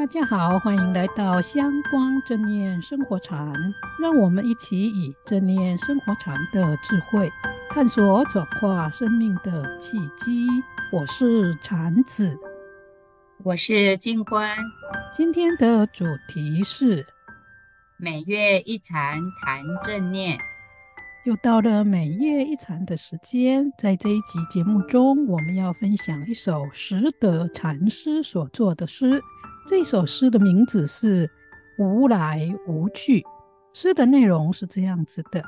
大家好，歡迎來到《香光正念生活禪》，讓我們一起以正念生活禪的智慧，探索轉化生命的契機。我是禪子，我是金歡，今天的主題是每月一禪談正念，又到了每月一禪的時間。在這一集節目中，我們要分享一首拾得禪師所作的詩。這首詩的名字是《無來無去》，詩的內容是這樣子的：“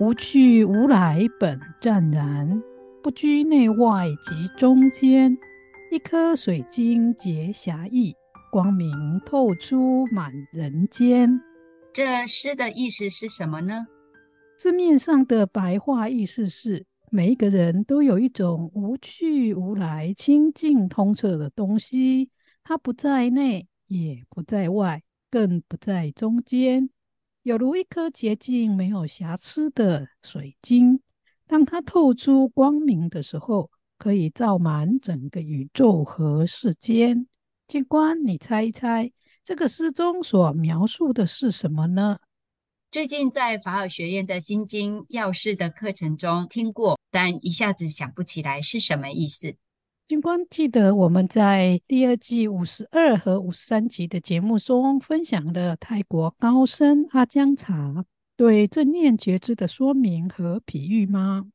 無去無來本湛然，不居內外及中間。一顆水精絕暇翳，光明透出滿人間。”這詩的意思是什麼呢？字面上的白話意思是：每一個人都有一種無去無來、清淨通徹的東西。它不在內，也不在外，更不在中間，有如一顆潔淨、沒有瑕疵的水晶。當它透出光明的時候，可以照滿整個宇宙和世間。警官，你猜一猜，這個詩中所描述的是什麼呢？最近在法爾學院的心經藥師的課程中聽過，但一下子想不起來是什麼意思。儘管，記得我們在第二季五十二和五十三集的節目中分享了泰國高僧阿姜查對正念覺知的說明和比喻嗎？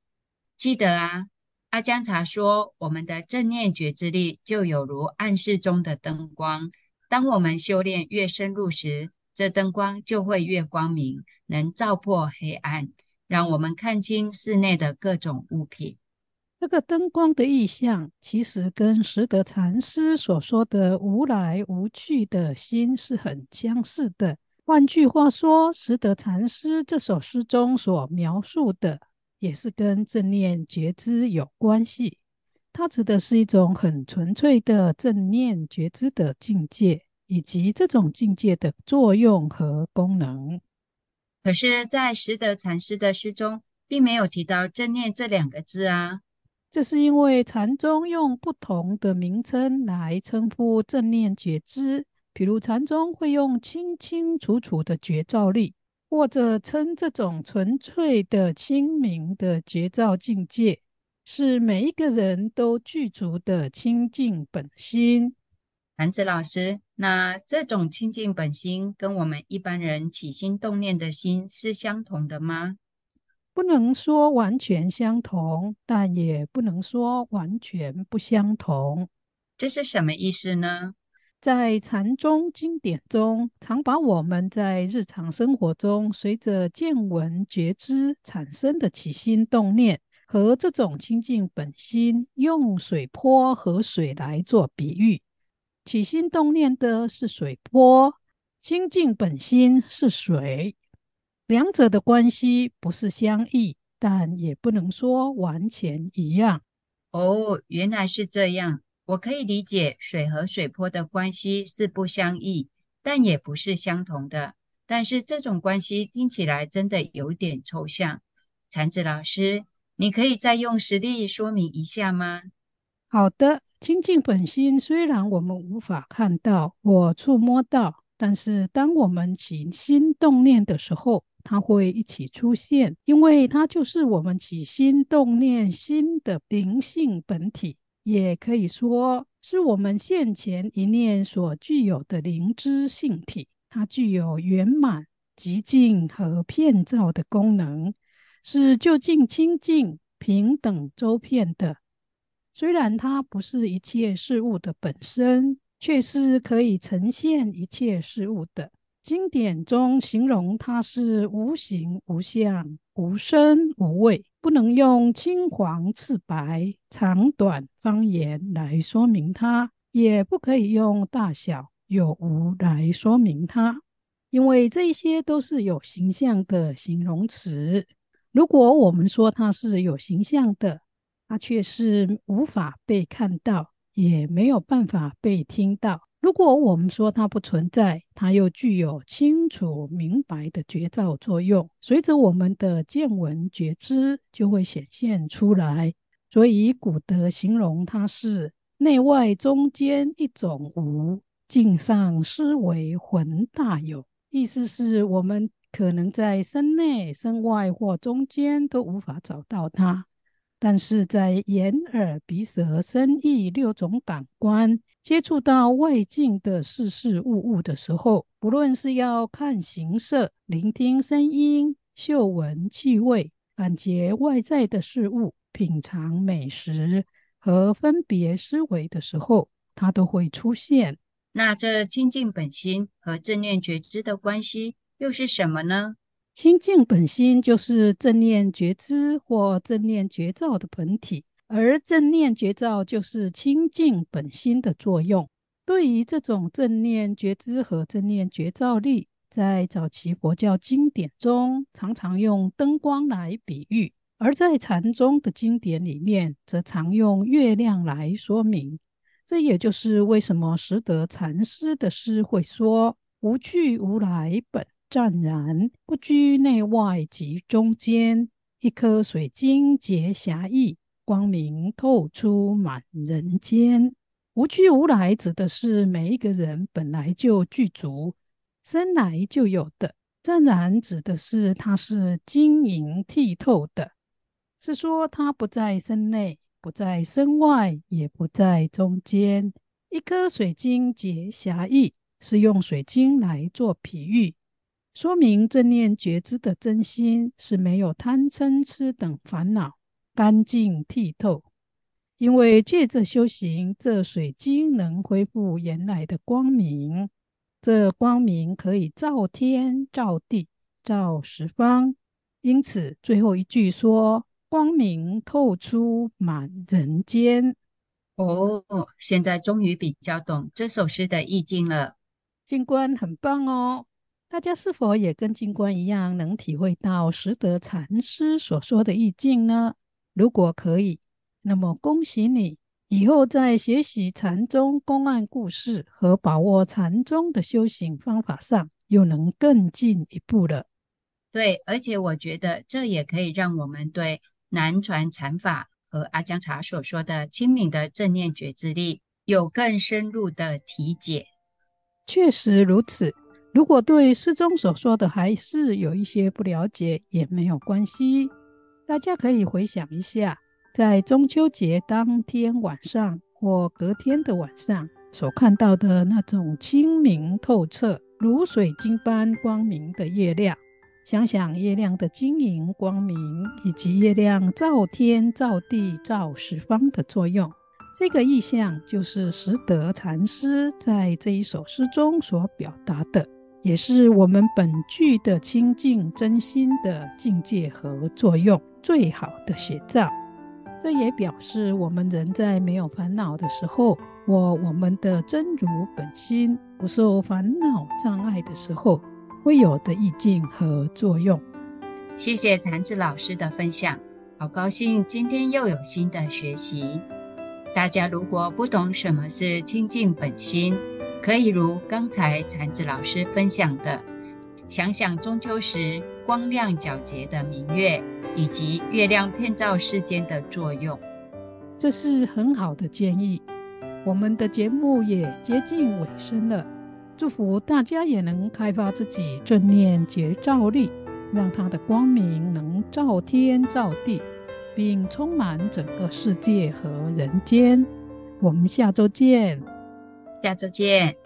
記得啊，阿姜查說，我們的正念覺知力就有如暗室中的燈光，當我們修煉越深入時，這燈光就會越光明，能照破黑暗，讓我們看清室內的各種物品。這個燈光的意象，其實跟拾得禪師所說的無來無去的心是很相似的。換句話說，拾得禪師這首詩中所描述的，也是跟正念覺知有關係。它指的是一種很純粹的正念覺知的境界，以及這種境界的作用和功能。可是，在拾得禪師的詩中，並沒有提到正念這兩個字啊。這是因為禪宗用不同的名稱來稱呼正念覺知，比如禪宗會用清清楚楚的覺照力，或者稱這種純粹的清明的覺照境界是每一個人都具足的清淨本心。韓子老師，那這種清淨本心跟我們一般人起心動念的心是相同的嗎？不能說完全相同，但也不能說完全不相同。這是什麼意思呢？在禪宗經典中，常把我們在日常生活中隨着見聞覺知產生的起心動念和這種清淨本心，用水波和水來做比喻。起心動念的是水波，清淨本心是水。兩者的關係不是相異，但也不能說完全一樣。哦，oh, 原來是這樣，我可以理解水和水波的關係是不相異，但也不是相同的。但是這種關係聽起來真的有點抽象。禪子老師，你可以再用實例說明一下嗎？好的，清淨本心雖然我們無法看到，或觸摸到，但是當我們起心動念的時候。它會一起出現，因為它就是我們起心動念心的靈性本體，也可以說是我們現前一念所具有的靈知性體。它具有圓滿、極靜和遍照的功能，是究竟清淨、平等周遍的。雖然它不是一切事物的本身，卻是可以呈現一切事物的。經典中形容它是無形無相、無聲無味，不能用青黃赤白、長短方圓來說明它，也不可以用大小有無來說明它，因為這一些都是有形象的形容詞。如果我們說它是有形象的，它卻是無法被看到，也沒有辦法被聽到。如果我們說它不存在，它又具有清楚明白的覺照作用，隨着我們的見聞覺知就會顯現出來。所以古德形容它是內外中間一種無盡上思維，魂大有，意思是，我們可能在身內、身外或中間都無法找到它。但是在眼、耳、鼻、舌、身、意六種感官接觸到外境的事事物物的時候，不論是要看形色、聆聽聲音、嗅聞氣味、感覺外在的事物、品嘗美食和分別思維的時候，它都會出現。那這清淨本心和正念覺知的關係又是什麼呢？清淨本心就是正念覺知或正念覺照的本體，而正念覺照就是清淨本心的作用。對於這種正念覺知和正念覺照力，在早期佛教經典中常常用燈光來比喻，而在禪宗的經典裡面則常用月亮來說明。這也就是為什麼拾得禪師的詩會說“無去無來本”。湛然，不居內外及中間，一顆水晶絕暇翳，光明透出滿人間。無去無來，指的是每一個人本來就具足，生來就有的。湛然指的是它是晶瑩剔透的，是說它不在身內，不在身外，也不在中間。一顆水晶絕暇翳，是用水晶來做比喻。說明正念覺知的真心是沒有貪嗔痴等煩惱，乾淨剔透。因為借着修行，這水晶能恢復原來的光明，這光明可以照天、照地、照十方。因此，最後一句說：“光明透出滿人間。”哦，現在終於比較懂這首詩的意境了。靜觀很棒哦。大家是否也跟靜觀一樣，能體會到拾得禪師所說的意境呢？如果可以，那麼恭喜你，以後在學習禪宗公案故事和把握禪宗的修行方法上，又能更進一步了。對，而且我覺得這也可以讓我們對南傳禪法和阿姜查所說的清明的正念覺知力有更深入的體解。確實如此。如果對詩中所說的還是有一些不了解，也沒有關係。大家可以回想一下，在中秋節當天晚上或隔天的晚上所看到的那種清明透徹、如水晶般光明的月亮。想想月亮的晶瑩光明，以及月亮照天、照地、照十方的作用，這個意象就是拾得禪師在這一首詩中所表達的。也是我們本具的清淨真心的境界和作用最好的寫照。這也表示我們人在沒有煩惱的時候，我我們的真如本心不受煩惱障礙的時候，會有的意境和作用。謝謝禪子老師的分享，好高興今天又有新的學習。大家如果不懂什麼是清淨本心，可以如剛才禪子老師分享的，想想中秋時光亮皎潔的明月，以及月亮遍照世間的作用，這是很好的建議。我們的節目也接近尾聲了，祝福大家也能開發自己正念覺照力，讓它的光明能照天照地，並充滿整個世界和人間。我們下周見。下週見。